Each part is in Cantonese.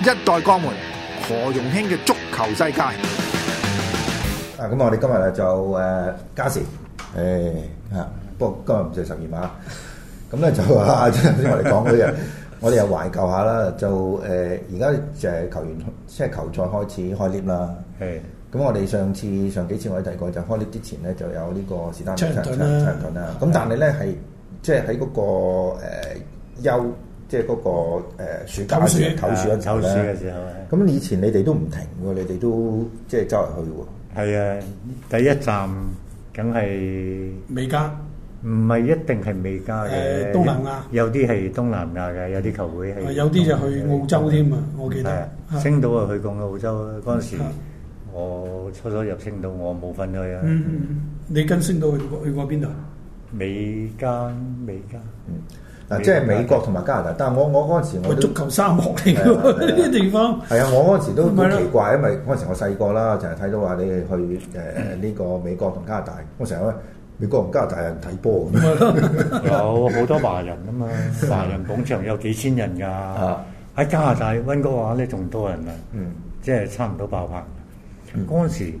一代鋼門何容興嘅足球世界啊！咁我哋今日就誒加時誒吓，不過今日唔剩十二碼。咁咧就啊，頭先我哋講嗰日，我哋又懷舊下啦。就誒，而家就係球員即係球賽開始開 lift 啦。係咁，我哋上次上幾次我哋提過，就開 lift 之前咧就有呢個是單長盾啦。咁但係咧係即係喺嗰個誒休。即係嗰個誒暑假時唸暑嗰陣咧，咁以前你哋都唔停喎，你哋都即係周圍去喎。係啊，第一站梗係美加，唔係一定係美加嘅。誒，東南亞有啲係東南亞嘅，有啲球會係。有啲就去澳洲添啊！我記得。係啊，星島啊，去過澳洲嗰陣時，我初初入星島，我冇份去啊。嗯嗯嗯，你跟星島去過？去過邊度？美加，美加。嗱，即係美國同埋加拿大，但係我我嗰陣時我都足球沙漠嚟嘅。呢啲地方係啊，我嗰陣時都奇怪，因為嗰陣時我細個啦，成日睇到話你去誒呢、呃呢個美國同加拿大，我成日咧美國同加拿大人睇波咁，有好多華人啊嘛，華人廣場有幾千人㗎，喺 加拿大溫哥華咧仲多人啊，嗯，即係差唔多爆棚，嗰陣、嗯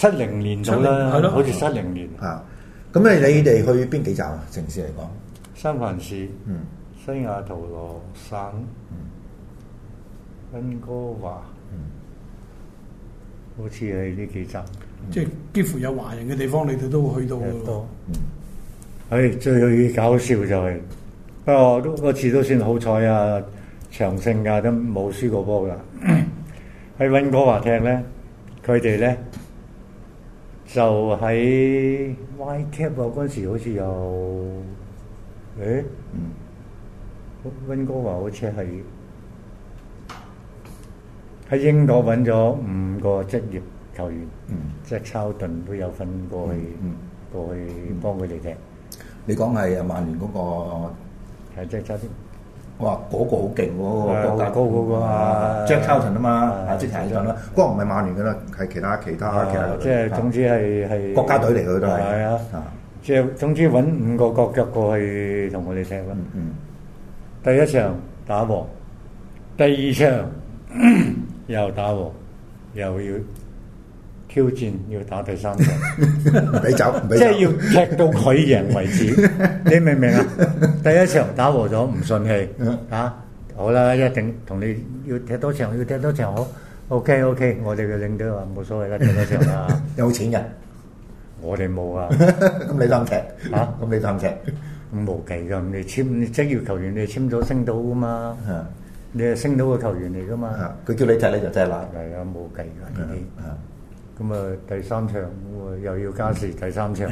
七零年左右啦，70，好似七零年啊！咁咧，你哋去邊幾站啊？城市嚟講，三藩市、嗯，西雅圖、羅省、嗯，溫哥華，嗯、好似係呢幾站，嗯、即係幾乎有華人嘅地方，你哋都會去到好多嗯，唉、嗯哎，最有搞笑就係、是、啊，都嗰次都算好彩啊，長勝噶都冇輸過波啦。喺溫 哥華踢咧，佢哋咧。就喺 Whitecap 啊！嗰陣時好似有，誒、欸，溫、嗯、哥華好似係喺英國揾咗五個職業球員，嗯、即係抄頓都有份過去，嗯、過去幫佢哋踢，嗯、你講係曼聯嗰個係即係。差啲。哇！嗰個好勁喎，嗰個腳高嗰個，Jack Charlton 啊嘛，即係睇上啦。哥唔係曼聯嘅啦，係其他其他其他隊。即係總之係係國家隊嚟嘅都係。啊，即係總之揾五個國腳過去同我哋踢咯。嗯，第一場打和，第二場又打和，又要。挑戰要打第三場，唔俾走，唔俾走，即係要踢到佢贏為止，你明唔明啊？第一場打和咗，唔順氣，啊，好啦，一定同你要踢多場，要踢多場好，OK OK，我哋嘅領隊話冇所謂啦，踢多場啦，有錢人，我哋冇啊，咁你敢踢啊？咁你敢踢？咁冇計㗎，你簽你職業球員，你簽咗升到噶嘛？啊，你係升到嘅球員嚟噶嘛？佢叫你踢你就踢啦，係啊，冇計㗎呢啲。咁啊，第三場咁啊，又要加時第三場。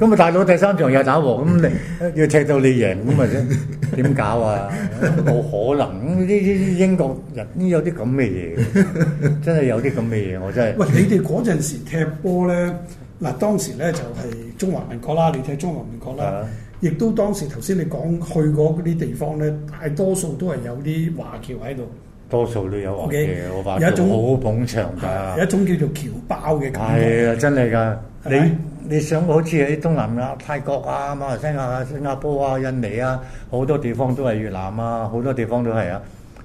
咁啊，大佬第三場又打和，咁你要踢到你贏咁咪啫，點搞啊？冇可能！咁啲英國人呢，有啲咁嘅嘢，真係有啲咁嘅嘢，我真係。喂， 你哋嗰陣時踢波咧，嗱，當時咧就係中華民國啦，你踢中華民國啦，亦都當時頭先你講去過嗰啲地方咧，大多數都係有啲華僑喺度。多數都有華僑嘅，我話有種好捧場噶，有一種叫做僑胞嘅感覺。係啊，真係㗎！你你想好似喺東南亞、泰國啊、馬來西亞啊、新加坡啊、印尼啊，好多地方都係越南啊，好多地方都係啊！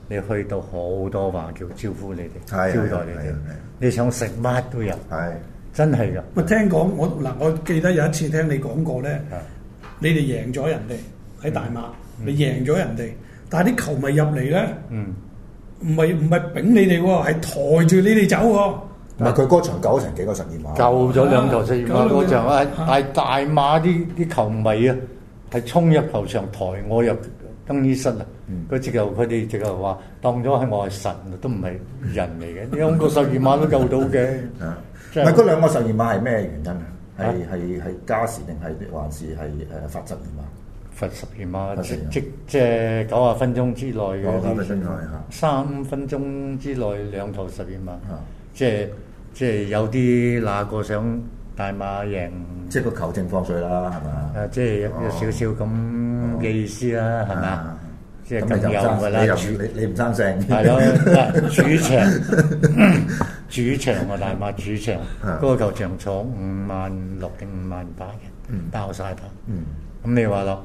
你去到好多華僑招呼你哋，招待你哋。你想食乜都有，係真係㗎。我聽講我嗱，我記得有一次聽你講過咧，你哋贏咗人哋喺大馬，你贏咗人哋，但係啲球迷入嚟咧，嗯。唔係唔係，丙你哋喎、哦，係抬住你哋走喎、啊。唔係佢嗰場救咗成幾個十二碼？Ah, 救咗兩頭十二碼嗰場，係係、啊哎、大馬啲啲球迷啊，係衝入球場抬我入更衣室、mm hmm. 啊。佢直頭佢哋直頭話當咗係我係神，都唔係人嚟嘅。啊啊、兩個十二碼都救到嘅。啊，唔係嗰兩個十二碼係咩原因啊？係係係加時定係還是係誒罰則嘅嘛？啊啊啊啊罰十二碼，即即即九啊分鐘之內嗰啲，三分鐘之內兩頭十二碼，即即有啲哪個想大馬贏？即個球證放水啦，係嘛？誒，即有少少咁嘅意思啦，係嘛？即咁有㗎啦，你你唔爭勝，係咯？主場主場個大馬主場，嗰個球場坐五萬六定五萬八嘅，爆曬棚。咁、嗯、你話咯，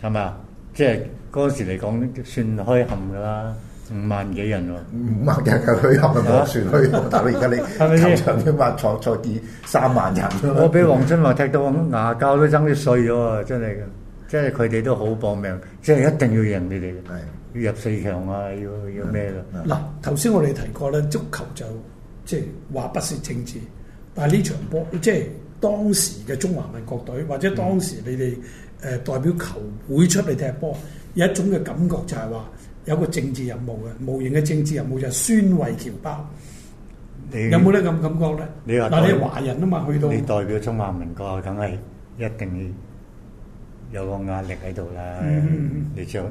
係咪啊？即係嗰時嚟講算開冚噶啦，五萬幾人喎，五萬人夠開冚啦，算開冚。啊、但係而家你場，係咪先？場先話坐坐得二三萬人。 我俾黃春華踢到我牙膠都爭啲碎咗啊！真係嘅，即係佢哋都好搏命，即係一定要贏你哋嘅，的要入四強啊，要要咩㗎？嗱、嗯，頭、嗯、先我哋提過咧，足球就即係話不是政治，但係呢場波即係當時嘅中華民國隊，或者當時你哋、嗯。誒代表球會出嚟踢波，有一種嘅感覺就係話有個政治任務嘅，無形嘅政治任務就係宣慰僑胞。你有冇啲咁感覺咧？你話但係華人啊嘛，去到你代表中華民國，梗係一定要有個壓力喺度啦。你着，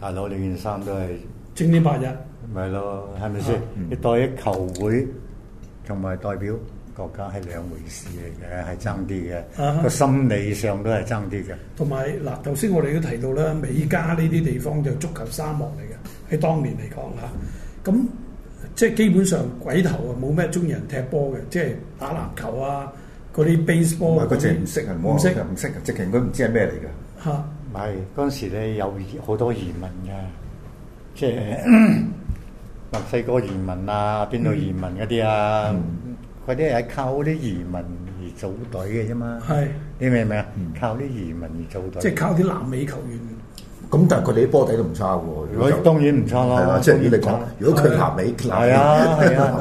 大佬你件衫都係青天白日嘅。咪咯，係咪先？你代表球會同埋代表國家係兩回事嚟嘅，係爭啲嘅，個心理上都係爭啲嘅。同埋嗱，頭先我哋都提到啦，美加呢啲地方就足球沙漠嚟嘅，喺當年嚟講嚇。咁、嗯、即係基本上鬼頭啊，冇咩中意人踢波嘅，即係打籃球啊，嗰啲 baseball。唔只唔識啊，唔識啊，唔識啊，直情佢唔知係咩嚟㗎。嚇！係嗰陣時咧有好多移民嘅，即係墨、嗯嗯、西哥移民啊，邊度移民嗰啲啊。嗯嗰啲係靠啲移民而組隊嘅啫嘛，你明唔明啊？靠啲移民而組隊，即係靠啲南美球員。咁但係佢哋啲波底都唔差嘅喎。我當然唔差啦。即係如果你講，如果佢南美，係啊係啊，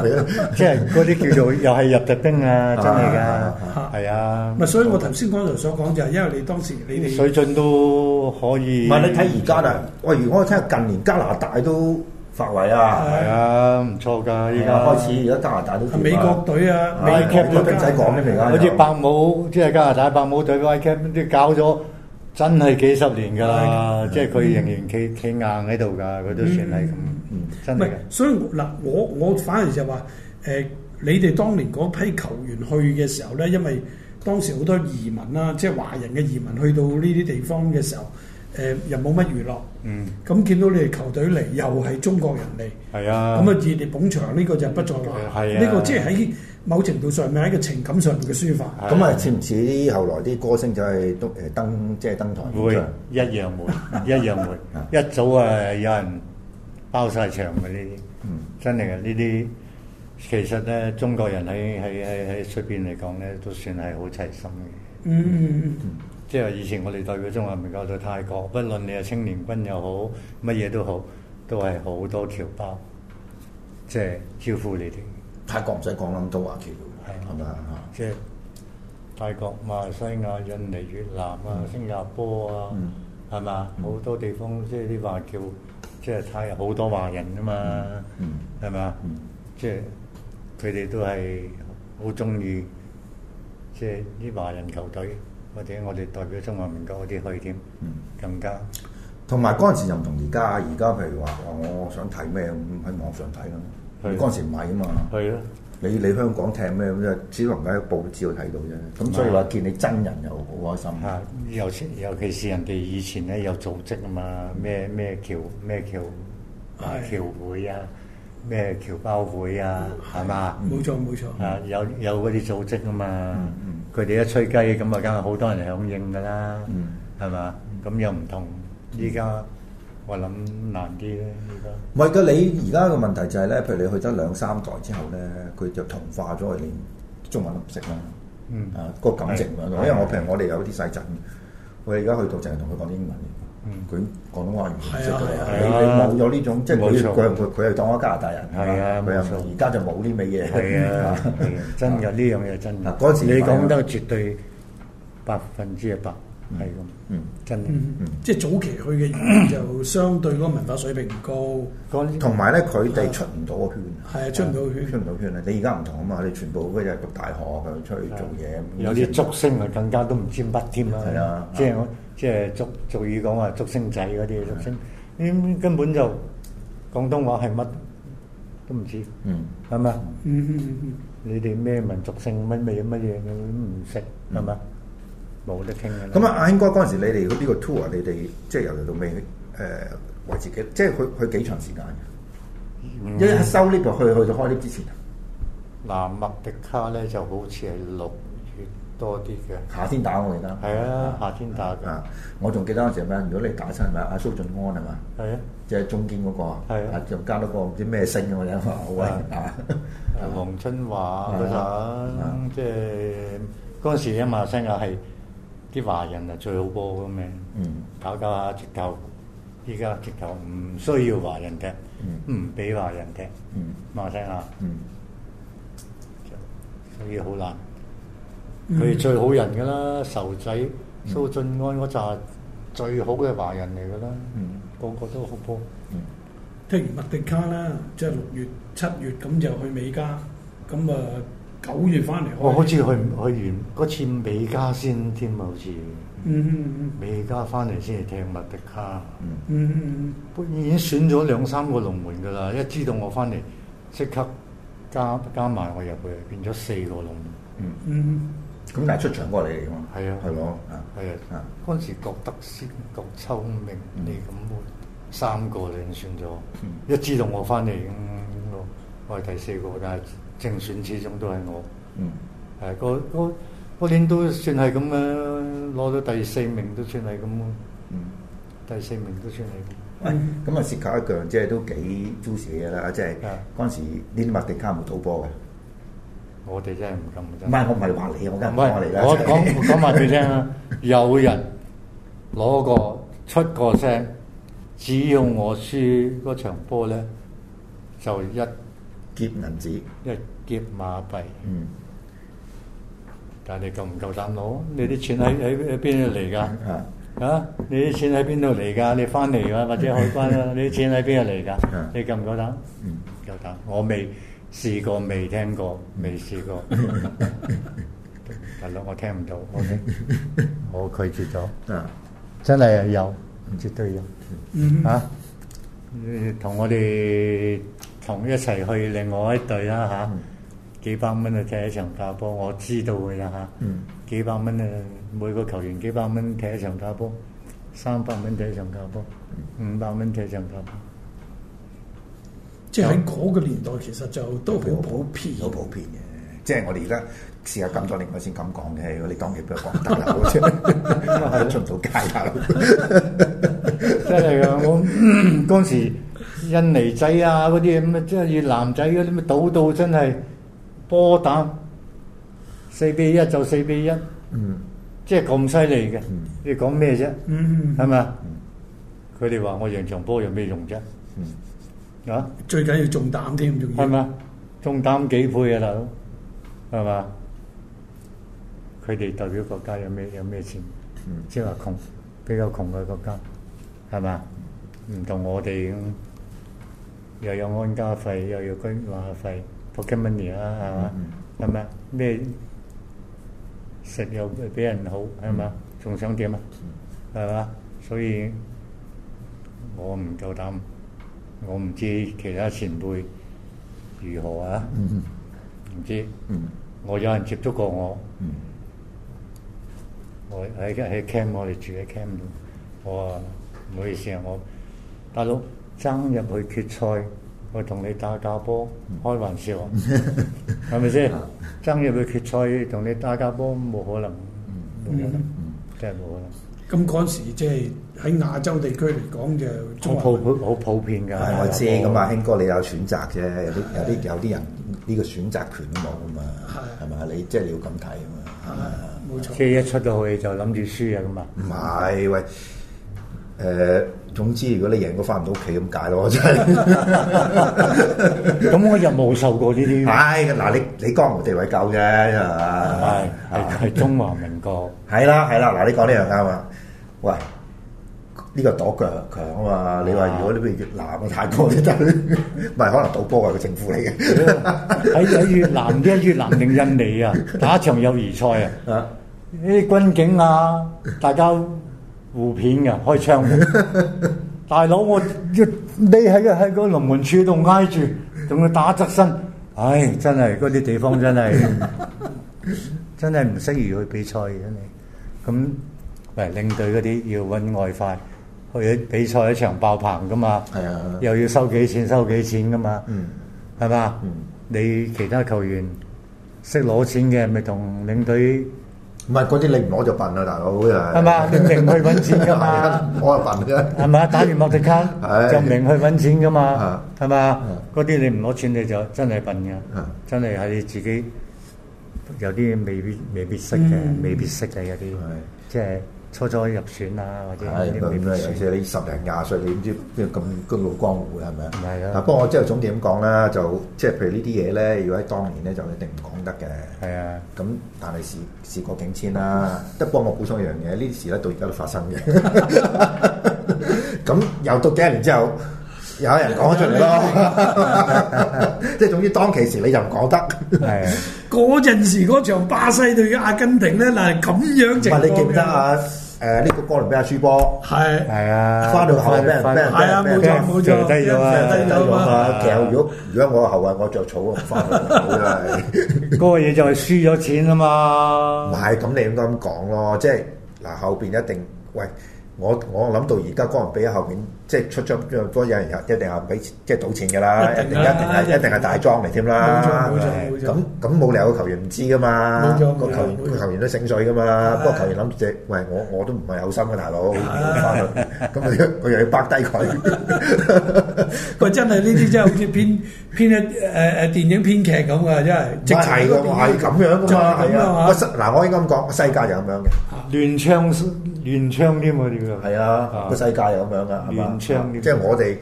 即係嗰啲叫做又係入特兵啊，真係㗎，係啊。唔係，所以我頭先嗰度所講就係因為你當時你哋水準都可以。唔係你睇而家啦，喂，如果我聽近年加拿大都。發威啊，係啊，唔錯噶，而家、啊、開始，而家加拿大都、啊、美國隊啊，V Cap 都唔使講明嚟啦，好似白帽，即、就、係、是、加拿大白帽隊 V Cap，即搞咗真係幾十年㗎啦，即係佢仍然企企、嗯、硬喺度㗎，佢都算係咁、嗯嗯嗯，真係所以嗱，我我反而就話、是，誒、呃，你哋當年嗰批球員去嘅時候咧，因為當時好多移民啦，即、就、係、是、華人嘅移民去到呢啲地方嘅時候。誒、呃、又冇乜娛樂，咁、嗯、見到你哋球隊嚟，又係中國人嚟，咁啊熱烈捧場，呢、呢個就不再話。呢個即係喺某程度上面，喺個情感上面嘅抒發。咁啊，似唔似啲後來啲歌星就係登誒登即係登台會一樣會一樣會，一,一， 一早啊有人包晒場嘅呢啲，真係啊呢啲其實咧，中國人喺喺喺喺出邊嚟講咧，都算係好齊心嘅。嗯。嗯即係以前我哋代表中華民國到泰國，不論你係青年軍又好，乜嘢都好，都係好多僑胞，即係招呼你哋。泰國唔使講咁多華僑喎，係咪啊？即係泰國、馬來西亞、印尼、越南啊、新加坡啊，係嘛？好多地方即係啲華僑，即係泰好多華人啊嘛，係咪啊？即係佢哋都係好中意，即係啲華人球隊。或者我哋代表中華民國嗰啲去添，嗯，更加。同埋嗰陣時又唔同而家啊！而家譬如話，我我想睇咩咁喺網上睇啊？嗰陣時唔係啊嘛。係咯。你你香港睇咩咁就只能喺報紙度睇到啫。咁所以話見你真人又好開心。係。尤其尤其是人哋以前咧有組織啊嘛，咩咩橋咩橋橋會啊，咩橋包會啊，係嘛？冇錯冇錯。啊！有有嗰啲組織啊嘛。佢哋一吹雞，咁啊，梗係好多人響應噶啦，係嘛？嗯。咁又唔同，依家我諗難啲咧。依家唔係個你，而家個問題就係、是、咧，譬如你去咗兩三代之後咧，佢就同化咗，佢連中文都唔識啦。嗯啊，個感情的因為我的譬如我哋有啲細陣的我哋而家去到淨係同佢講英文。嗯，佢廣東話唔識佢啊！你冇咗呢種，即係佢佢佢佢係當咗加拿大人，係啊！佢又而家就冇呢味嘢，係啊！真嘅呢樣嘢真嘅嗱，嗰時你講得絕對百分之一百，係咁，真即係早期佢嘅就相對嗰個文化水平高，同埋咧，佢哋出唔到個圈，係啊，出唔到圈，出唔到圈咧。你而家唔同啊嘛，你全部嗰啲讀大學，佢出去做嘢，有啲足星啊，更加都唔尖筆添啦，係啊，即係。即係俗俗語講話，竹升仔嗰啲竹升，根本就廣東話係乜都唔知，係咪？你哋咩民族性乜咩，乜嘢，都唔識，係咪？冇、嗯、得傾嘅。咁、嗯、啊，阿英哥嗰陣時，你哋邊個 tour 你哋即係由嚟到未誒為自己，即係去去幾長時間？一一收 lift 去去到開 lift 之前啊。嗱，麥迪卡咧就好似係六。多啲嘅，夏天打我記得。係啊，夏天打嘅。我仲記得嗰陣咩？如果你打親係咪阿蘇俊安係嘛？係啊。即係中堅嗰個啊。係啊。就加多個唔知咩星我哋。得，好鬼打。啊，黃春華即係嗰陣時啊，馬來西亞係啲華人啊最好波嘅咩？嗯。搞搞下直頭，依家直頭唔需要華人踢，唔俾華人踢。嗯。馬來西亞。嗯。所以好難。佢係最好人噶啦，仇仔、蘇俊安嗰紮最好嘅華人嚟噶啦，嗯、個個都好波。嗯、聽完麥迪卡啦，即係六月、七月咁就去美加，咁啊九月翻嚟。我好似去去完嗰次美加先添啊，好似、嗯。嗯嗯嗯。美加翻嚟先係聽麥迪卡。嗯嗯嗯，已經選咗兩三個龍門噶啦，一知道我翻嚟，即刻加加埋我入去，變咗四個龍門。嗯嗯。嗯咁但係出場嗰個嚟㗎嘛？係啊，係咯吧，啊，係啊，啊，嗰陣時覺得先郭秋明你咁三個就算咗，嗯、一知道我翻嚟咁我我係第四個，但係正選始終都係我，嗯，係嗰年都算係咁啊，攞到第四名都算係咁啊，嗯，第四名都算係。喂、嗯，咁啊蝕卡一腳，即係都幾專業嘅啦，即係嗰陣時啲麥迪卡冇賭波嘅。我哋真係唔敢，唔係我唔係話你啊，我間唔係我嚟啦。我講講俾你聽啦，有人攞個出個聲，只要我輸嗰場波咧，就一劫銀紙，一劫馬幣。嗯。但係你夠唔夠膽攞？你啲錢喺喺喺邊度嚟㗎？啊嚇！你啲錢喺邊度嚟㗎？你翻嚟㗎，或者海關啊？你啲錢喺邊度嚟㗎？你夠唔夠膽？嗯，夠膽。我未。試過未，聽過？未試過，係咯，我聽唔到。O、okay? K，我拒絕咗。啊，真係有，嗯、絕對有。啊、嗯，嚇，同我哋同一齊去另外一隊啦嚇。啊嗯、幾百蚊啊！踢一場打波，我知道㗎啦嚇。啊、嗯，幾百蚊啊！每個球員幾百蚊踢一場打波，三百蚊踢一場打波，五百蚊踢一場打波。嗯。即喺嗰個年代，其實就都好普遍、嗯，好普，普，普遍嘅。即係我哋而家試下咁多年，我先咁講嘅。我哋當其不講得啦，即係出唔到街啦。真係㗎！我嗰時印尼仔啊，嗰啲咁啊，即係越南仔嗰啲咁啊，賭到真係波膽四比一就四比一，嗯，即係咁犀利嘅。你講咩啫？嗯，係咪？佢哋話我贏場波有咩用啫？嗯。啊！最緊要重擔添，仲要係嘛？重擔幾倍啊！大佬係嘛？佢哋代表國家有咩有咩錢？嗯、即係話窮比較窮嘅國家係嘛？唔同我哋咁又有安家費，又有居屋費，pocket money 啊係嘛？係咪咩食又比人好係嘛？仲想點啊？係嘛？所以我唔夠膽。我唔知其他前輩如何啊？唔、嗯、知，嗯、我有人接觸過我。嗯、我喺喺 camp 我哋住喺 camp 度。我話唔好意思啊，我大佬，爭入去決賽，我同你打架波、嗯、開玩笑，係咪先？爭入去決賽同你打架波冇可能，冇可能，真係冇可能。咁嗰、嗯、時即係。喺亞洲地區嚟講就是，好普，普遍㗎、啊。我知咁啊，哦、興哥你有選擇啫。有啲有啲有啲人呢、這個選擇權都冇㗎嘛，係、啊就是、嘛？你即係你要咁睇啊嘛，係嘛？冇錯。即係一出到去就諗住輸啊嘛。唔係喂，誒、呃，總之如果你贏都翻唔到屋企咁解咯，真係。咁我又冇受過呢啲。係嗱、哎，你你江湖地位夠啫，係、哎、嘛？係係中華民國。係啦係啦，嗱你講呢樣啱啊，喂。呢個躲腳強啊嘛！你話如果呢邊越南嘅泰國隊，唔係可能賭波啊，個政府嚟嘅，喺喺越南啲越南定印尼啊，打場友誼賽啊，啲軍警啊，大家互片嘅開槍，大佬我你喺喺個龍門處度挨住，仲要打側身，唉，真係嗰啲地方真係真係唔適宜去比賽嘅。咁喂領隊嗰啲要揾外快，去比賽一場爆棚噶嘛，又要收幾錢收幾錢噶嘛，係嘛？你其他球員識攞錢嘅，咪同領隊唔係嗰啲，你唔攞就笨啦大佬，又係，係嘛？你明去揾錢噶嘛，我係笨啫，係嘛？打完莫迪卡，就明去揾錢噶嘛，係嘛？嗰啲你唔攞錢你就真係笨嘅，真係係你自己有啲未必未必識嘅，未必識嘅有啲，即係。初初可入選啊，或者啲咩選？而且你十零廿歲，你唔知邊個咁老江湖嘅係咪啊？唔係啦。但係我之後總結咁講啦，就即係譬如呢啲嘢咧，如果喺當年咧，就一定唔講得嘅。係啊。咁但係事事過境遷啦，即係幫我補充一樣嘢，呢啲事咧到而家都發生嘅。咁又到幾年之後，有人講咗出嚟咯。即係總之，當其時你就唔講得。係啊。嗰陣時嗰場巴西對嘅阿根廷咧，嗱係咁樣情況。你記唔得啊？誒呢個哥倫比亞輸波，係係啊，翻到後邊，翻係啊，冇錯冇錯，跌低咗啊，跌低咗啊，其實。如果我後邊我着草龍翻唔到嘅係，嗰個嘢就係輸咗錢啊嘛。唔係，咁你應該咁講咯，即係嗱後邊一定喂，我我諗到而家哥倫比喺後邊。即係出咗咁多有人一定係俾即係賭錢㗎啦，一定一定係一定係大莊嚟添啦。咁咁冇理由個球員唔知㗎嘛？個球員球員都醒水㗎嘛？不過球員諗住喂我我都唔係有心嘅大佬翻去咁佢又要巴低佢。佢真係呢啲真係好似編編一誒誒電影編劇咁㗎，真係唔係㗎？係咁樣㗎嘛？嗱，我應該咁講世界就咁樣嘅亂槍亂槍㖏嘛點㗎？係啊，個世界就咁樣㗎。嗯、即係我哋，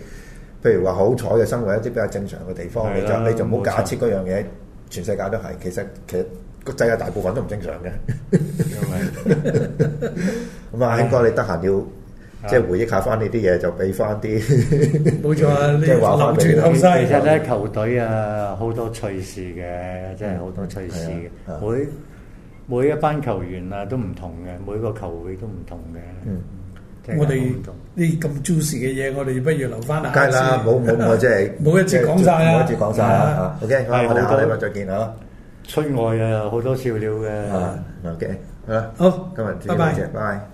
譬如話好彩嘅生活喺一啲比較正常嘅地方，吧你就你就唔好假設嗰樣嘢，沒錯 全世界都係。其實其實個世界大部分都唔正常嘅。咁啊，興哥、嗯，你得閒要即係回憶下翻呢啲嘢，就俾翻啲冇錯啊！即係話翻俾。其實咧，球隊啊，好多趣事嘅，即係好多趣事嘅。每每一班球員啊，都唔同嘅，每個球會都唔同嘅。嗯。我哋呢啲咁 juicy 嘅嘢，我哋不如留翻啊！梗係啦，冇冇冇，即係冇一次講晒啦，冇一次講晒啦。OK，我哋下禮拜再見啦！出外啊，好多笑料嘅。OK，好，今日多謝，拜拜。